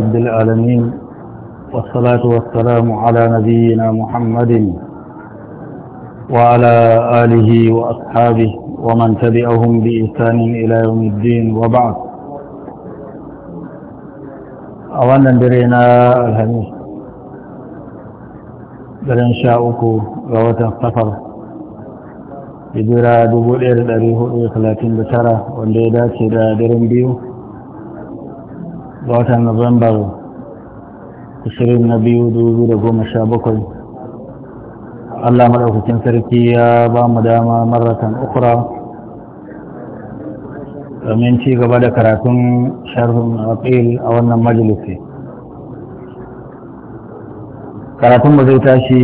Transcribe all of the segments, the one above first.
رب العالمين والصلاة والسلام على نبينا محمد وعلى آله وأصحابه ومن تبعهم بإحسان إلى يوم الدين وبعد أولا درينا الهميس درين شاءكو غوة سفر hijira 1439 wanda ya dace da daren biyu ga watan Nuwambar 2017 Allah maɗaukacin sarki ya ba mu dama maratan ukura domin ci gaba da karatun sharhun april a wannan majalisi karatunmu zai tashi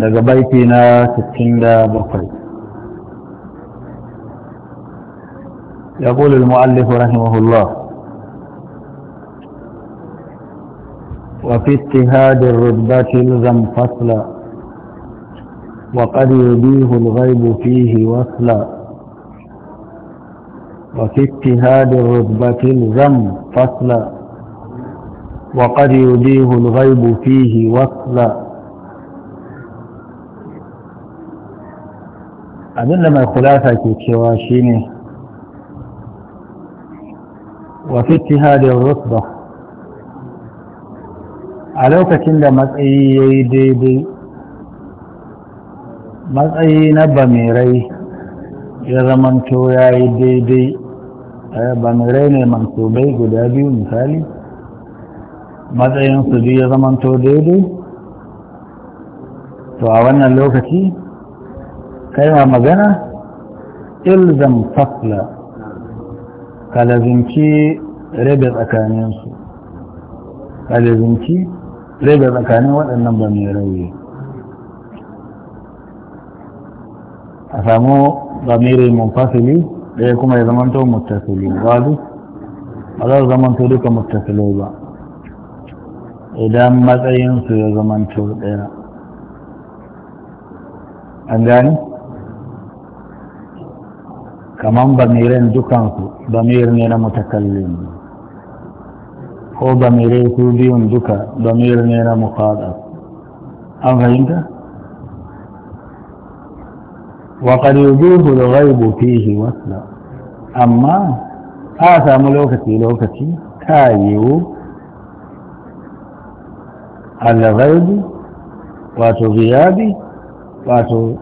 daga baiti na 67 يقول المؤلف رحمه الله وفي اجتهاد الرتبة يلزم فصلا وقد يبيه الغيب فيه وصلا وفي اجتهاد الرتبة يلزم فصلا وقد يبيه الغيب فيه وصلا abinda mai kulasa ke cewa shine wa fi ittihadin rutbah a lokacin da matsayi ya yi daidai matsayi na bamirai ya zamanto ya yi daidai eh, bamirai ne mansubai guda biyu misali matsayin su biyu ya zamanto daidai to a wannan lokaci kai ma magana ilzam fasla kalazinci rabe tsakaninsu kalazinci zai tsakanin waɗannan ba mai rauye a samu ba mai rai fasili ɗaya kuma ya zamanto muttasili ba duk ba za su to duka muttasilo ba idan matsayinsu ya to ɗaya an gani mai rai dukansu mai ne na ba هو ضميري كوبي وندكا ضمير نيرا مقادر أفهمت؟ وقد يجوز الغيب فيه وصلا أما هذا ملوكتي لوكتي كايو الغيب واتو غيابي واتو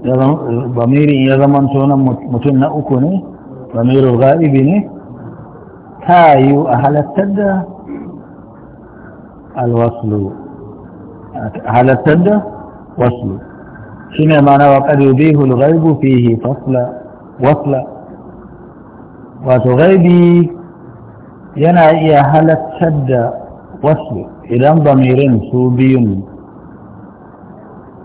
ضمير يضمن تونا متنا أكوني ضمير الغائب تايو أهل التدى الوصل على السد وصل شنا معنى وقد يبيه الغيب فيه فصل وصل وتغيبي ينا يا هل السد وصل إلى ضمير صوبي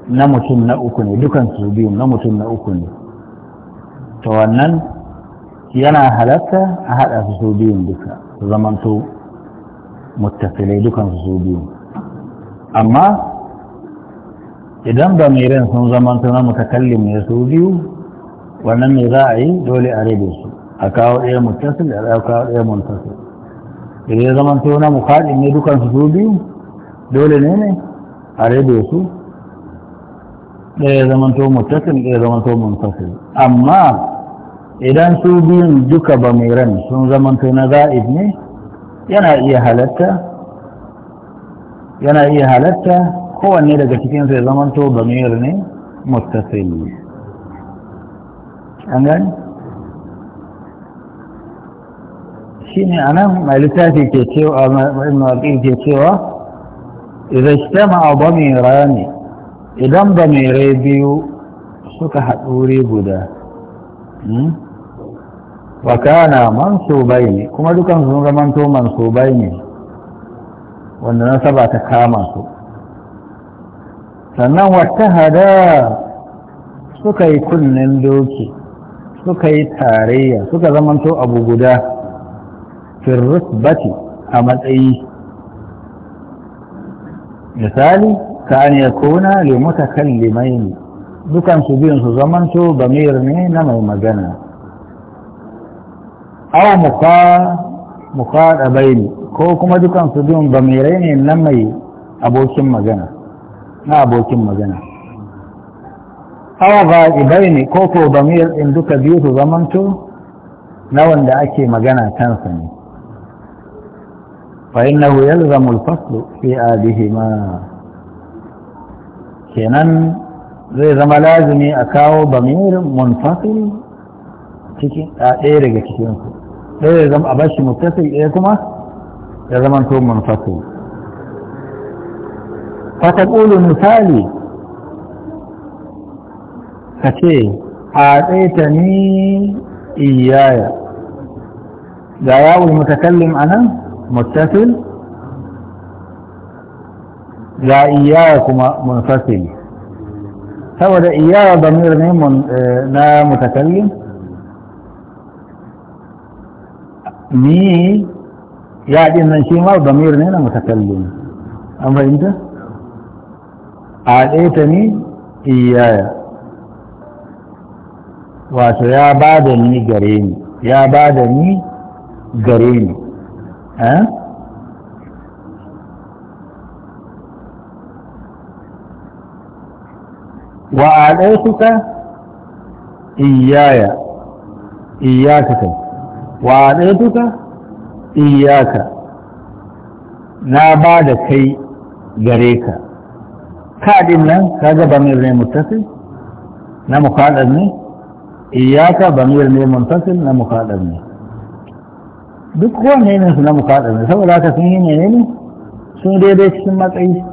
نمت نأكن دكا صوبي نمت نأكن توانا ينا هلك هل السد صوبي دكا زمن صوبي muttasilai dukan su biyu amma idan mai ran sun zama tana mutakallim ne su biyu wannan ne za a yi dole a rabe su a kawo ɗaya muttasil a kawo ɗaya muttasil idan ya zama tana mukaɗin ne dukan su biyu dole ne ne a rabe su ɗaya zaman to muttasil ɗaya zaman to muttasil amma idan su biyun duka ba ran sun zama na za'id ne yana iya halatta yana iya halatta kowanne daga cikin sai zamanto bamir ne muttasil an gani shi ne a nan mai littafi ke cewa mawaƙi ke cewa idan shtama a bamira ne idan ba bamirai biyu suka haɗuri guda hmm? wa kana mansubai ne kuma dukan sun zamanto mansubai ne wanda na saba ta kama su sannan wata hada suka yi kunnen doki suka yi tarayya suka zamanto abu guda firrus bati a matsayi misali ka an yi kuna kan ne dukansu biyun su zamanto bamir ne na mai magana au muka ne, ko kuma dukan su biyun ba mai ne nan mai abokin magana na abokin magana awa ba ne ko ko ba in duka biyu su zamanto na wanda ake magana kansa ne fa inna yalzamu yalzamul faslu fi adihima kenan zai zama lazimi a kawo bamirin munfasil cikin a ɗaya daga cikinsu ايه يا زم اباش متفق ايه كما يا زم انتم منفصل فتقولوا مثالي فتي عاديتني ايايا دا ياو المتكلم انا متفل دا اياكما منفصل سوى دا ايايا ضمير من متكلم ni ya din nan shi ma damir ne na mutakallim an fahimta a ɗaya ni iyaya wato ya ba da ni gare ni ya ba da ni gare ni eh? wa a ɗaya iyaya iyaka kai wane duka iyaka na ba da kai gare ka kaɗin nan ka ga bamir ne mutafi na mukaɗar ne iyaka bamir ne mutafi na mukaɗar ne duk kowane ne su na mukaɗar ne saboda haka sun yi ne ne sun daidai cikin matsayi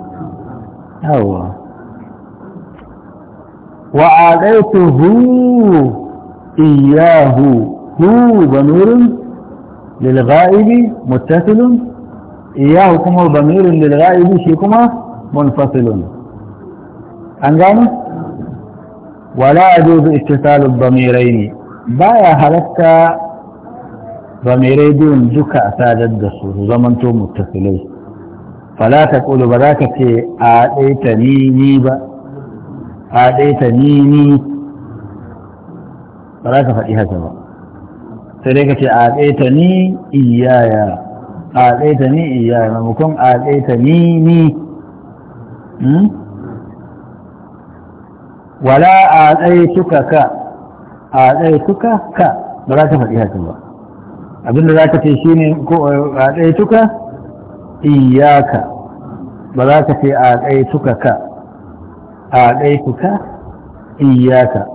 yawwa wa a ɗaituhu iyahu هو ضمير للغائب متصل إياه كما ضمير للغائب شيكما منفصل أنجاني ولا يجوز اتصال الضميرين بايا هلتا ضميري دون دكا أسادت دسو زمنتو متصلين فلا تقول بذاك في آديتني نيبا آديتني ني فلا تفعيها جواب sai dai ka a tsaita ni iyaya a tsaita ni iyaya maimakon a tsaita ni ni hmm? wala a tsaituka ka a tsaituka ka ba za ta faɗi haka ba abinda za ka ce shi ne a tsaituka iyaka ba za ka ce a tsaituka ka a tsaituka iyaka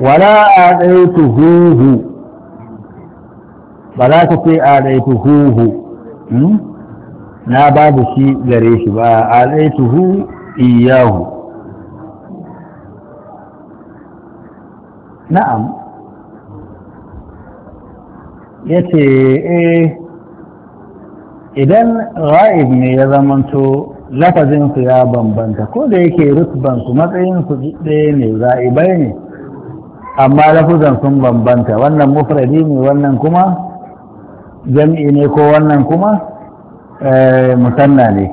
wala adaituhu ba za ka ce adaituhu na babu shi gare shi ba adaituhu iyahu na'am ya ce eh idan wa'iz ne ya zamanto lafazinsu ya bambanta ko da yake rutbansu matsayinsu ɗaya ne ra'ibai ne amma lafuzan sun bambanta wannan mufradi ne wannan kuma jam'i ne ko wannan kuma eh, musanna ne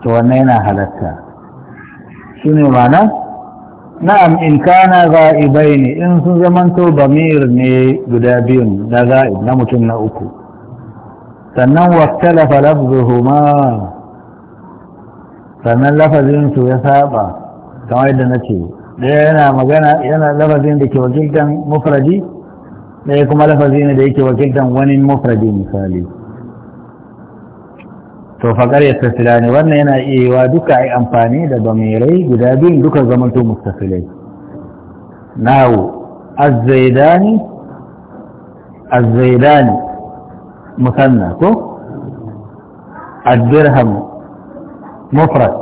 to wannan yana halatta shi ne mana na'am in kana za'ibai ne in sun zamanto bamir ne guda biyun na za'ib na mutum na uku sannan waktalafa lafzuhuma sannan lafazinsu ya saba kamar yadda na ce da yana magana yana lafazin da ke wakiltan mufradi da ya kuma lafazi ne da yake wakiltan wani mufradi misali to faƙar ya tafila ne wannan yana iya duka ai amfani da bamirai guda biyun duka zamanto mustasilai nawo azzaidani azzaidani musanna ko addirham mufrad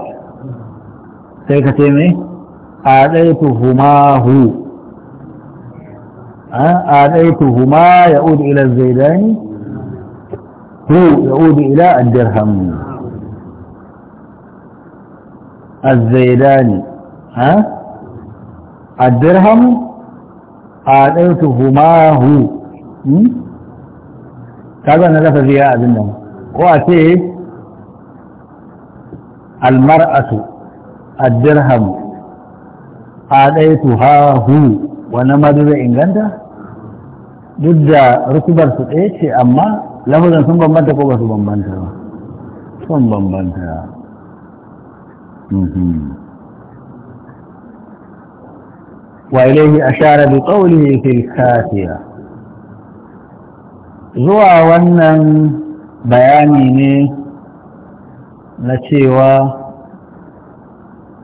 sai ka ce mai آذيتهماه آذيتهما آه، يعود إلى الزيدان هو يعود إلى الدرهم الزيدان ها آه، الدرهم آذيتهما هو كذا na فيها ziya وأتي المرأة الدرهم haɗaitu ha hu wani madara inganta duk da rukubar su ɗaya ce amma lafazan sun bambanta ko ba su bambanta ba sun bambanta mhm. wa ilaihi ashara bi qawlihi fil kafiya zuwa wannan bayani ne na cewa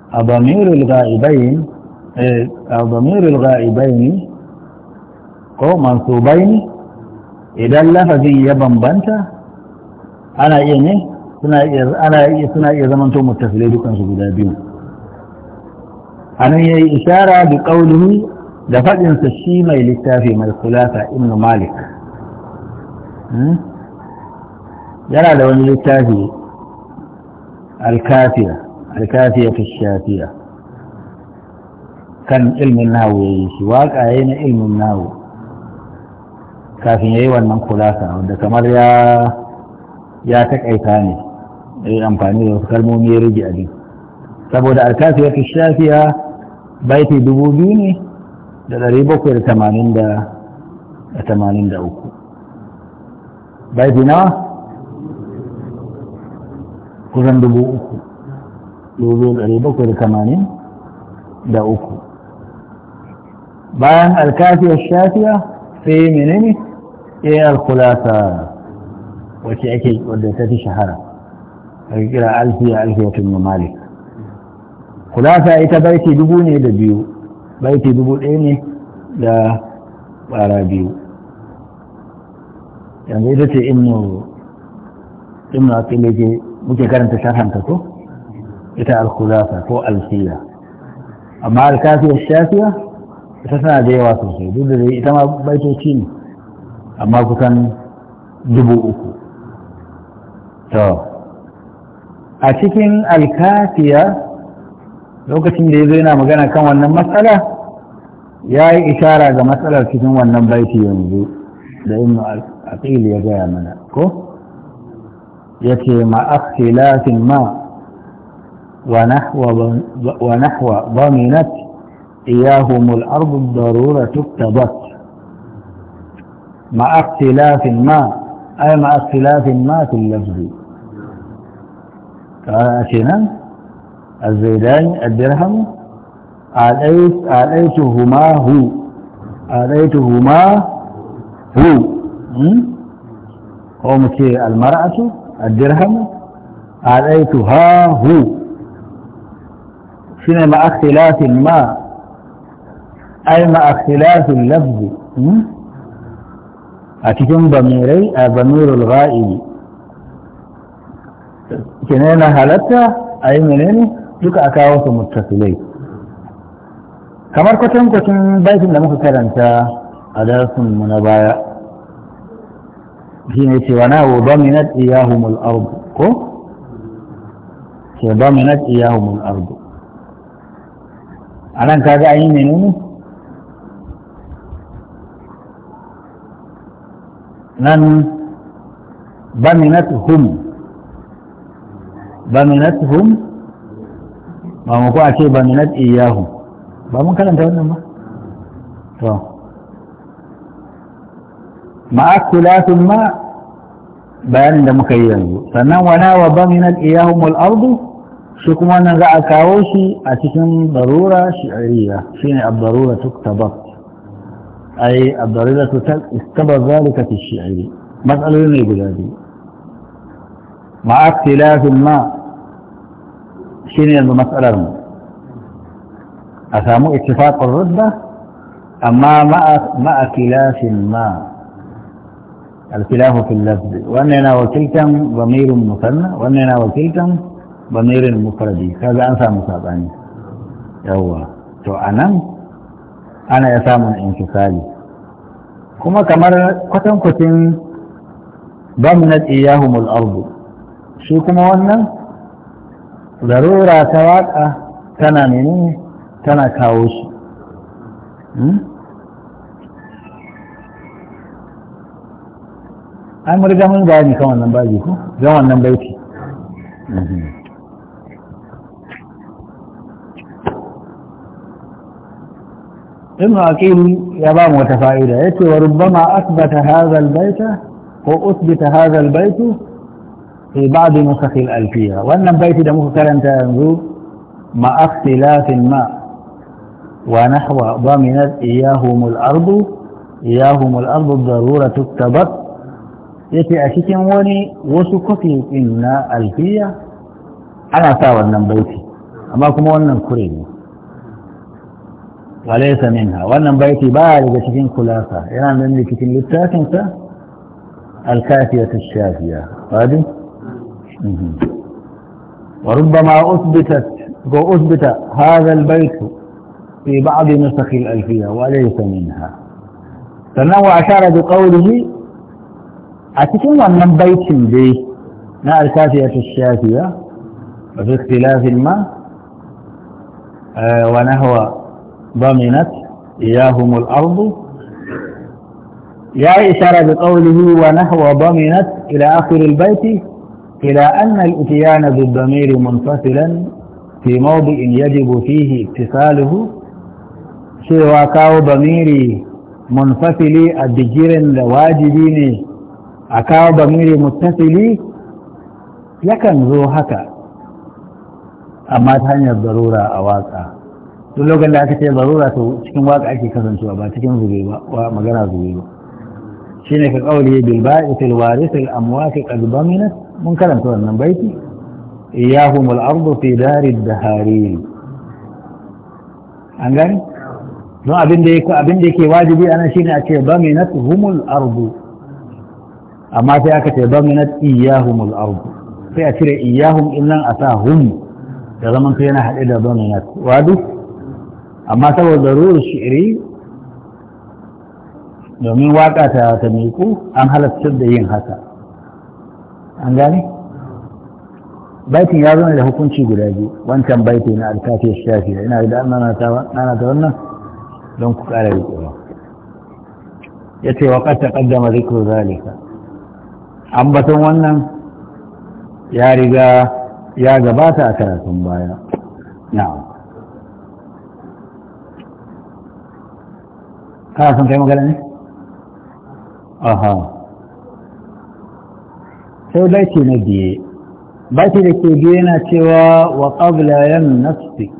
a bamirul ga'ibain إيه، ضمير الغائبين او منصوبين اذا لفظي يبن بنتا انا يعني سنا إيه، انا إيه، سنا يزمن تو متصل دي كان سجدا بيو انا هي اشاره بقوله ده فجن سشيما الكتابي من الخلافه ابن مالك يرى لو الكتابي الكافيه الكافيه في الشافيه kan ilmin nawo ya yi shi waƙa ya na ilmin nawo kafin ya yi wannan kulasa wanda kamar ya ya taƙaita ne ya yi amfani da wasu kalmomi ya rage abin saboda alkafi ya fi shafiya baiti dubu biyu ne da ɗari bakwai da tamanin da tamanin da uku baiti nawa kusan dubu uku dubu ɗari bakwai da tamanin da uku بيان الكافية الشافية في منيني إيه الخلاصة وشيكي ودتتي شهرة إلى ألفية ألفية الممالك خلاصة إيه بيتي دبوني دبيو بيتي دبون إيني دا وارا بيو يعني إذا تي إنه إنه أطلقي مجي كرمت شرحان تكو إيه الخلاصة فو ألفية أما الكافية الشافية ita tana da yawa sosai duk da dai ita ma baitoci ne amma kusan dubu uku to a cikin alkafiya lokacin da ya zo yana magana kan wannan matsala ya yi ishara ga matsalar cikin wannan baiti yanzu da inu aqil ya gaya mana ko ya ce ma'akhtilafin ma wa nahwa baminat إياهم الأرض الضرورة اكتبت مع اختلاف ما أي مع اختلاف ما في اللفظ كأشنا الزيدان الدرهم آليتهما هو آليتهما هو هو كي المرأة الدرهم آليتها هو شنو مع اختلاف ما ai ma'a khilafin lafzi a cikin bamirai a bamirul ra'ibi kene na halatta a yi menene duka a kawo su mutasilai kamar kwatankwacin bakin da muka karanta a darsun mu na baya shine cewa na wa dominat iyahumul ardu ko ce dominat iyahumul ardu nan kaga an yi menene nan baminatuhum baminatuhum ba mu ko a ce baminat iyahu ba mun karanta wannan ba to ma'akulatin ma bayanin da muka yi yanzu sannan wana wa baminat iyahum al'adu? shi kuma nan za a kawo shi a cikin barura shi'ariya shine barura tuktabat أي الضريرة استبر ذلك في الشعر مسألة من يقول هذه مع اختلاف ما شنو يلزم يعني مسألة أسامو اتفاق الردة أما مع مع خلاف ما الخلاف في اللفظ وأننا وكلتم ضمير مثنى وأننا وكلتم ضمير مفرد هذا أنسى مصابني هو تو أنا ana ya samun inkisali kuma kamar kwatankwacin dominat iyahumul ardu shi kuma wannan zarura ta waka tana menene tana kawo shi hmm? an murga mun bayani kan wannan baji ko zan wannan baiti hmm. ibn aqil ya bamu wata fa'ida yace wa rubbama athbata hadha albayta ko uthbita hadha albaytu fi ba'd nusakh alfiya wannan baiti da muka karanta yanzu ma akhtilafin ma wa nahwa daminat iyahum al-ardu iyahum al-ardu ad-darura tuktabat yace a cikin wani wasu kofi na alfiya ana sa wannan baiti amma kuma wannan kure ne وليس منها وانا بيتي بارد شكين خلافة الان مني كتن للتاكن ف الكافية الشافية قادم وربما اثبتت قو اثبت هذا البيت في بعض نسخ الالفية وليس منها فانه اشار بقوله اتكن وانا بيت دي نا الكافية الشافية وفي اختلاف ما آه، ونهو ضمنت إياهم الأرض يا إشارة بقوله ونحو ضمنت إلى آخر البيت إلى أن الإتيان بالضمير منفصلا في موضع يجب فيه اتصاله سوى كاو ضميري منفصلي الدجير لواجبين أكاو ضميري متصلي يكن ذو هكا أما تهني الضرورة أواقع duk lokacin da aka ce zarura to cikin waka ake kasancewa ba cikin zube ba wa magana zube ba shine ka kauli bil ba'is al waris al amwat qad baminat mun karanta wannan baiti iyahum al ardu fi dari dahari an gani don abin da yake abin da yake wajibi ana shine a ce baminat humul ardu amma sai aka ce baminat iyahum al ardu sai a cire in nan a sa hum da zaman kai yana hade da baminat wadu amma saboda zarurar shi'iri domin waƙa ta ta miku an halartar da yin haka an gane baitin ya zama da hukunci guda biyu wancan baiti na alkafiyar shafi ina da nana ta wannan don ku ƙara ƙura ya ce wa ƙasa ƙaddama zikiru zalika an batun wannan ya riga ya gabata a karatun baya na'am هذا سمع مقلني اها سو بيتي نجي بيتي لكي جينا سوا وقبل يم نفسي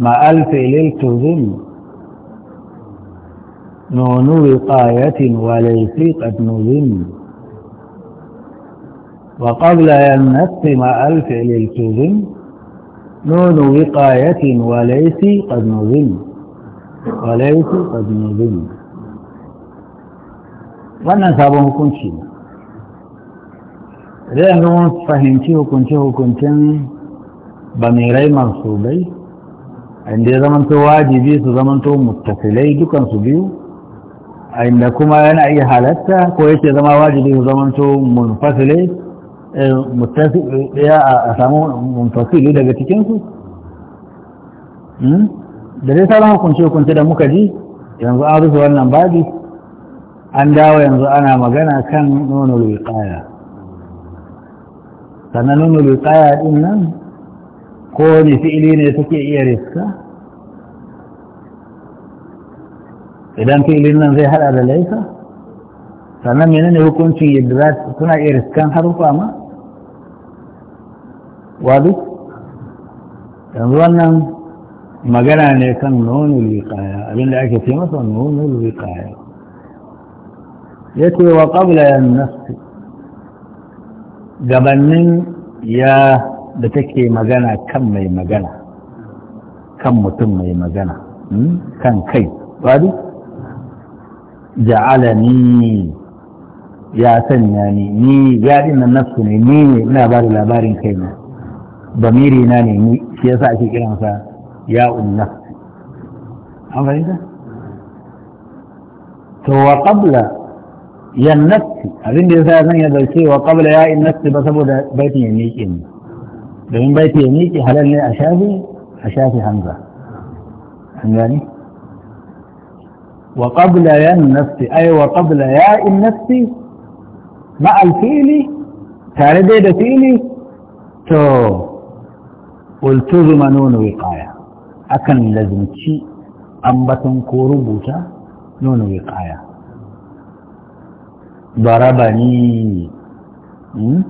ما ألف ليل تظن نون وقاية وليس قد نظن وقبل أن نسم ألف إليل تظن نونو وقاية وليس قد نظن walaisu ajnabiyyi wannan sabon hukunci ne zai yanzu mun fahimci hukunce-hukuncen ba mai rai masu bai inda ya zamanto wajibi su zamanto mutafilai dukansu biyu a inda kuma yana iya halatta ko yake zama wajibi su zamanto munfasilai eh, mutafilai a samu mutafilai daga cikinsu hmm? da dai sauran hukunce hukunce da muka ji yanzu an rufe wannan babi an dawo yanzu ana magana kan nono lulqaya sannan nono lulqaya din nan ko ne fi'ili ne take iya riska idan fi'ilin nan zai hada da laifa sannan menene hukuncin yadda za suna iya riskan harufa ma wadu yanzu wannan magana ne kan nonul wiqaya abinda ake ce masa nonul wiqaya yace wa qabla yan nafsi gabanin ya da take magana kan mai magana kan mutum mai magana hmm? kan kai wadu ja'alani ya sanya ni ni ya dina nafsu ne ni ne ina ba da labarin kaina bamiri na ne ni shi yasa ake kiransa ياء النفس عمل ايه ده فهو قبل يا النفس هذين دي ساعه ثانيه دلتي وقبل ياء النفس بس بيت يميك ان لمن بيت يميك هل انا اشافي اشافي حمزه يعني وقبل يا النفس اي وقبل ياء النفس مع الفيل تاردي دفيني تو والتزم نون وقايه akan lazimci ambaton ko rubuta nono ya kaya baraba ni hmm?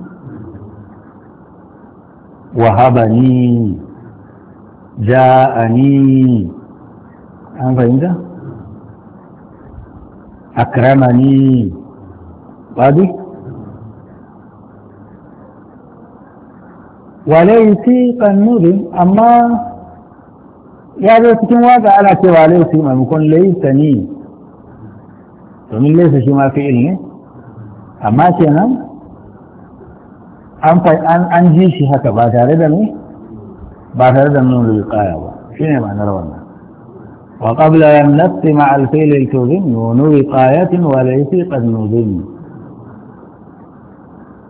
wahaba ni ja'ani an fahimta akramani ba duk yi fi amma ya zo cikin waka ana cewa laifi maimakon laisa ni domin laisa shi ma fi'il ne amma kenan an an ji shi haka ba tare da ne ba tare da nuna lulqaya ba shine ma'anar wannan wa qabla an nafsi ma al fi'l al kuzim wa nuwi qayatin wa laysa qad nuzim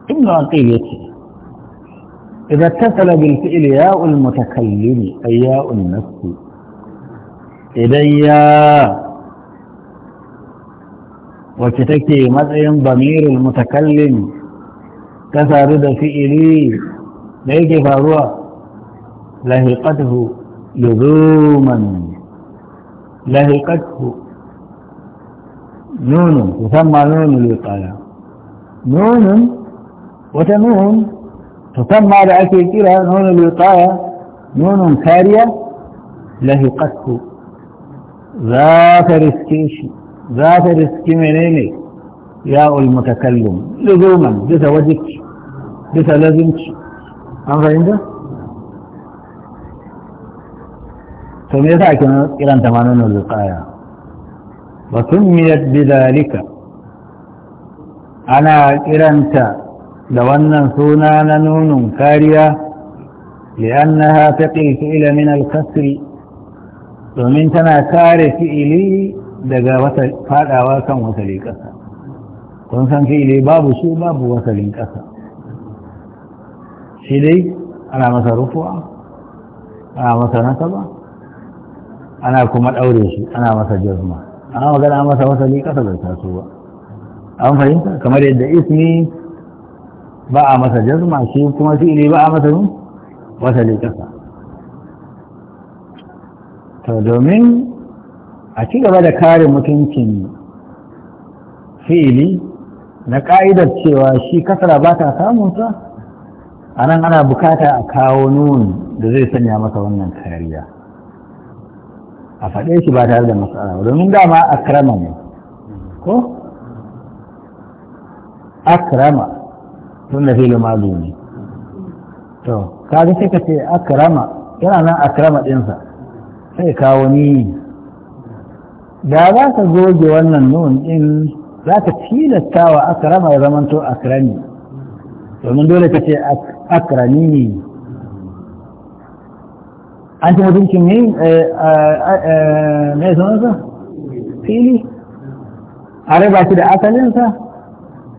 ibn aqil yace إذا اتصل بالفعل ياء المتكلم أي ياء النفس إلي وكتكي مدعين ضمير المتكلم تسارد فئلي ليك فهو لهقته لزوما لهقته نون تسمى نون الوقاية نون وتنون فتم ما لعك يجيرا نون الوقاية نون كارية له قصه ذات رسكيش ذات رسكي منيني يا المتكلم لزوما جثة وجك جثة لزمك أنظر عند سميتها كنا إلى أن تمانون الوقاية وسميت بذلك أنا إلى أنت da wannan suna na nunin kariya li'annaha taqi fi'la min al-kasri domin tana kare fi'ili daga wata fadawa kan wasalin ƙasa, kun san fi'ili babu su babu wasalin ƙasa, shi dai ana masa rufuwa ana masa nasaba ana kuma ɗaure shi ana masa jazma ana magana masa wasali kasa da tasowa an fahimta kamar yadda ismi ba a masa jazma shi kuma fi'ili ba a masa wasali ƙasa to domin a ci gaba da kare mutuncin fili na ƙa'idar cewa shi kasara ba ta samunsa a nan ana bukata a kawo nun da zai sanya masa wannan kariya a faɗe shi ba tare da matsala domin dama akrama ne ko akrama tun da fili mazu ne to kaga sai ka ce akrama yana nan akrama ɗinsa sai kawo ni da za ka goge wannan nun ɗin za ka tilasta wa akrama ya zamanto akrami domin dole ka ce akrami ne an ci mutuncin ne mai sunansa fili a raba shi da asalinsa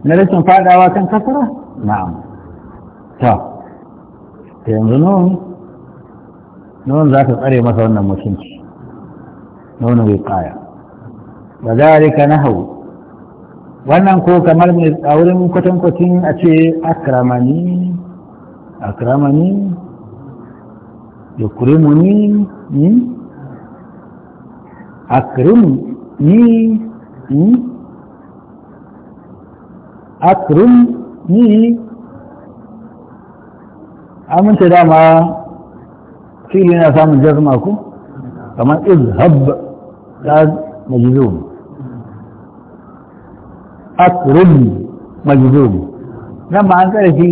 na rashin fadawa kan kasara na'am ta yanzu nun nun za ka tsare masa wannan mutunci nuna kaya ba za a rika na hau wannan ko kamar mai a wurin kwatankwacin a ce akramani akramani yukurimuni hmm? ni. ni amince dama fili na samun jazma ku kamar izhab da majzum akrim majzum nan ma an shi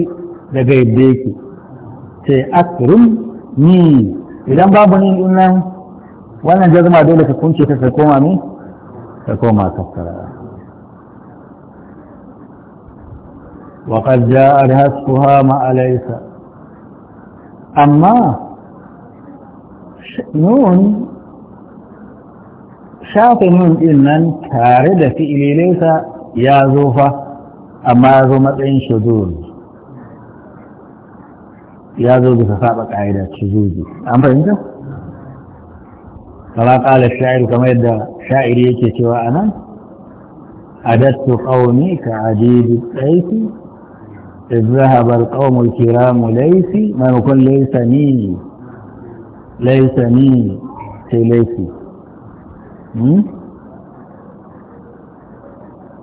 daga yadda yake ce akrim ni idan babu ni nan wannan jazma dole ka kunce ta ka koma ne ka koma kasara وقد جاء رهسها ما ليس أما نون شاطنون إنن تارد إلي ليس يا زوفة أما ذو مطعين شذوذ يا ذو فسابق عائلة شدود أما أنت فلا قال الشاعر كما يدى شاعريك سواء سوى أنا أدت قومي كعديد السيف إذ ذهب القوم الكرام ليسي ما يكون ليسني ليسني في ليسي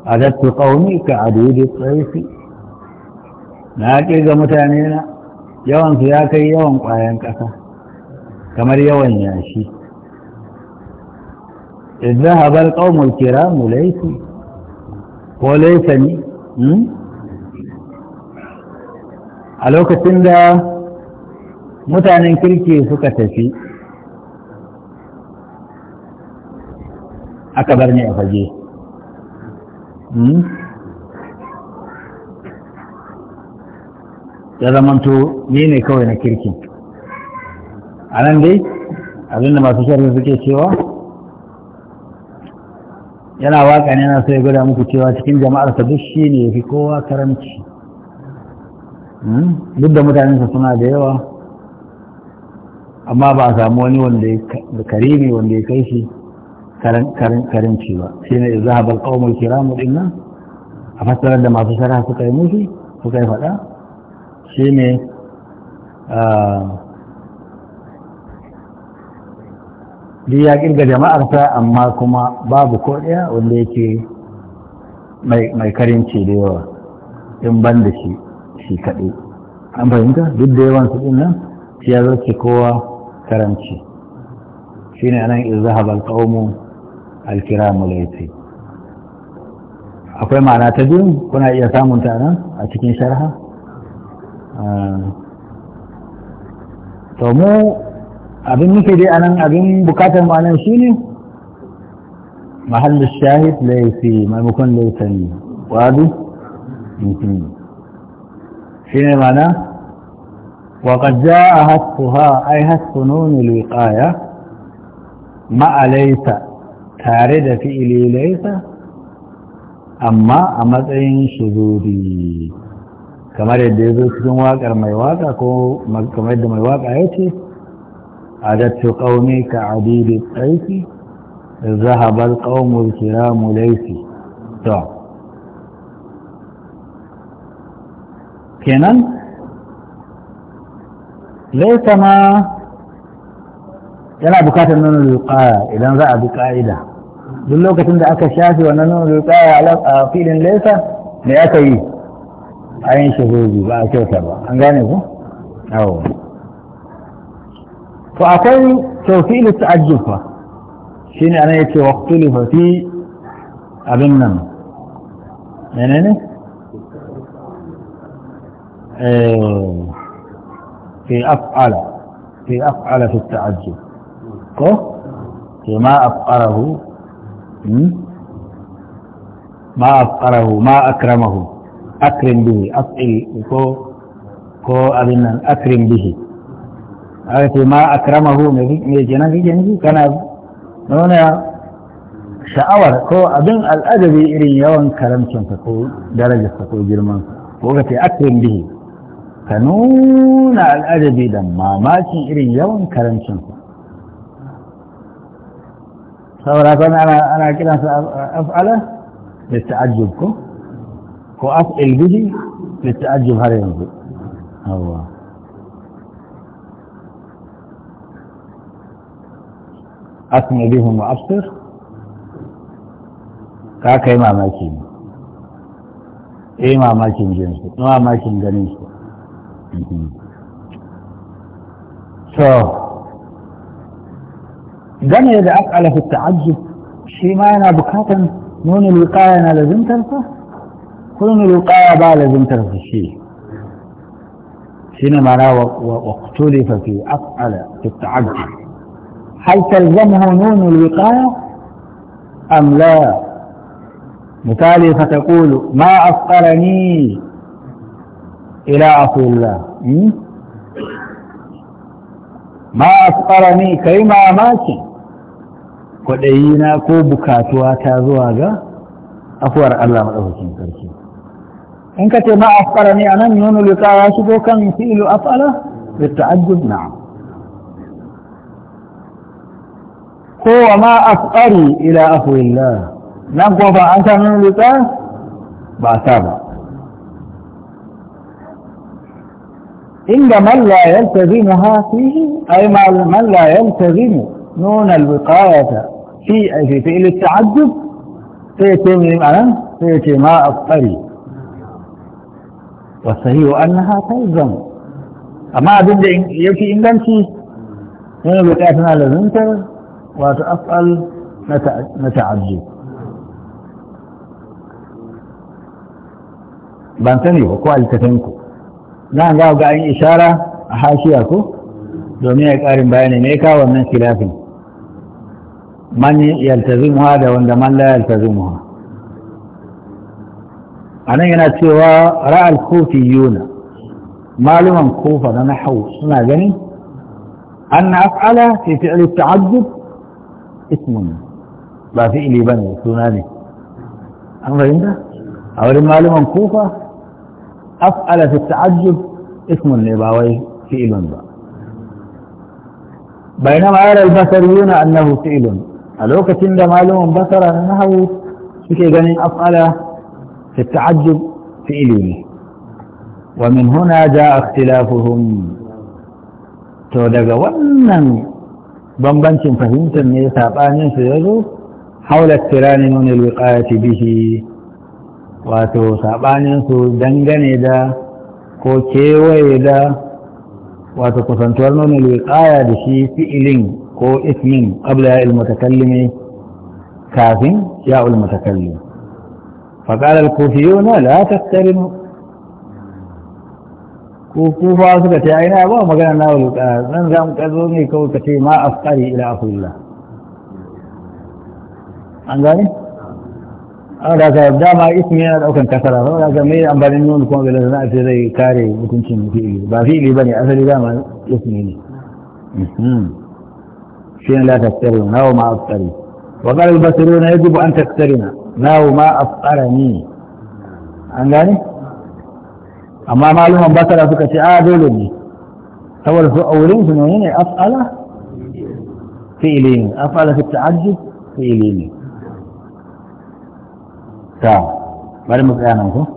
عددت قومي كعديد الصيف ناكي متانينا يوم سياكي يوم قاين كفا كمر يوم ياشي إذ ذهب القوم الكرام ليسي وليسني a lokacin da mutanen kirki suka tafi aka bar ni a fage hmm? ya zamanto ni ne kawai na kirki. a nan dai abinda masu sharri suke cewa yana waka ne na so ya gwada muku cewa cikin jama'ar duk shi ne ya fi kowa karamci duk da mutanensa suna da yawa amma ba a samu wani wanda ya ne wanda ya kai shi karinci ba shi ne za a bar mulki ramu din nan a fassarar da masu shara suka yi musu suka yi faɗa shi ne duk ya kirga jama'ar sa amma kuma babu ko ɗaya wanda yake mai karin cewa in ban da shi shi kaɗai an fahimta duk da yawan su nan shi ya zarce kowa karanci shi ne izu izahab alƙaumu alkiramu laifi akwai ma'ana ta biyu kuna iya samun ta nan a cikin sharha ah. to mu abin muke dai anan abin bukatar mu anan ne mahallin shahid laifi maimakon laifin wadu mutum ne. shi ne mana Wa waƙajja a haskun ha ai haskun nuni liƙaya ma'alaita tare da fi'ili laisa amma a matsayin shuzuri kamar yadda ya zo cikin waƙar mai waƙa ko kamar yadda mai waƙa ya ce a datto ƙaune ka adidi tsaiki zahabar ƙaunar kira mu laifi kenan laisa ma yana bukatar nuna lulƙaya idan za a bi ƙa'ida duk lokacin da aka shafi wannan nuna lulƙaya a filin laisa me aka yi a yin shahuzi ba a kyauta ba an gane ku? awo to akwai tawfilu ta'ajjub fa ne ana yake waqtu li fi abin nan menene في أفعل في أفعل في التعجب كو ما أفقره ما أفقره ما أكرمه أكرم به أفعل كو كو أبنا أكرم به أعرف ما أكرمه من جنبي جنبي كان هنا sha'awar ko abin al'adabi irin yawan karamcinka ko darajarsa ko girman ko ga akrim bihi ka nuna al'adabi da mamakin irin yawan karancin saboda kan ana kiransa af'ala da ta'ajjub ko ko af'il bihi da ta'ajjub har yanzu Allah asmi bihum wa absir ka kai mamakin eh mamakin jinsu mamakin ganin su ربه ف دم يدي أفعل في التعجب شي ما أنا بكاتا من الوقاية أنا لازم ترفع كلهم الوقاية با لازم ترفع شي شينما أنا واقتلف في أفعل في التعجب هل تلزمه نون الوقاية أم لا مثالي فتقول ما أفقرني إلى عصي الله ما أسقرني كيما أماكي kwaɗayina ko bukatuwa ta zuwa ga afuwar Allah maɗaukakin sarki in ka ce ma ne a nan nuna shigo kan fi'ilu afala da ta'ajjub na'am ko wa ma afkari nan ba an sa ba sa ba إلا من لا يلتزمها فيه أي من لا يلتزم نون الوقاية في فعل التعجب فيتم معنى فيتم الطريق والصحيح أنها تلزم أما أبدا يمشي إن لمشي هنا بتاعتنا لزمت وتأصل نتعجب بانتني sani ba za ga ga an ishara a hashiya ko domin ya karin bayani ne ka wannan khilafin man yaltazimuha da wanda man la yaltazimuha anan yana cewa ra'al yuna. maluman kufa na nahwu suna ganin an af'ala fi fi'l at-ta'addud ismun ba fi'li bane suna ne an fahimta a wurin maluman kufa أفعل في التعجب اسم النباوي فئل با بينما يرى البصريون أنه فئل الوقت عند معلوم بصر أنه شكي قال أفعل في التعجب فئلين ومن هنا جاء اختلافهم تودق ونن بمبنش فهمت أن يسابقان يسيروا حول اقتران من الوقاية به wato saɓaninsu dangane da ko kewaye da wato kusantuwar nuna lulƙaya da shi fi'ilin ko ismin abla ya ilmatakallime kafin ya ilmatakallim faƙalar alkufiyuna mu tattarin kufa suka ce na ba magana na lulƙaya zan zan ƙazo ne kawai ka ce ma afkari ila afirla an gani. da ka dama ismi yana daukan kasara saboda ga mai ambarin nuna kuma ga lazana a ce zai kare hukuncin fi'ili ba fi'ili bane asali dama ismi ne shi ne la tastari nawo ma astari wa qala al basiruna yajibu an tastarina nawo ma astarani an gane amma maluman basara suka ce a dole ne saboda su aurin su ne ne af'ala fi'ili ne af'ala fi ta'ajjub fi'ili ne ta bari mu tsaya nan ko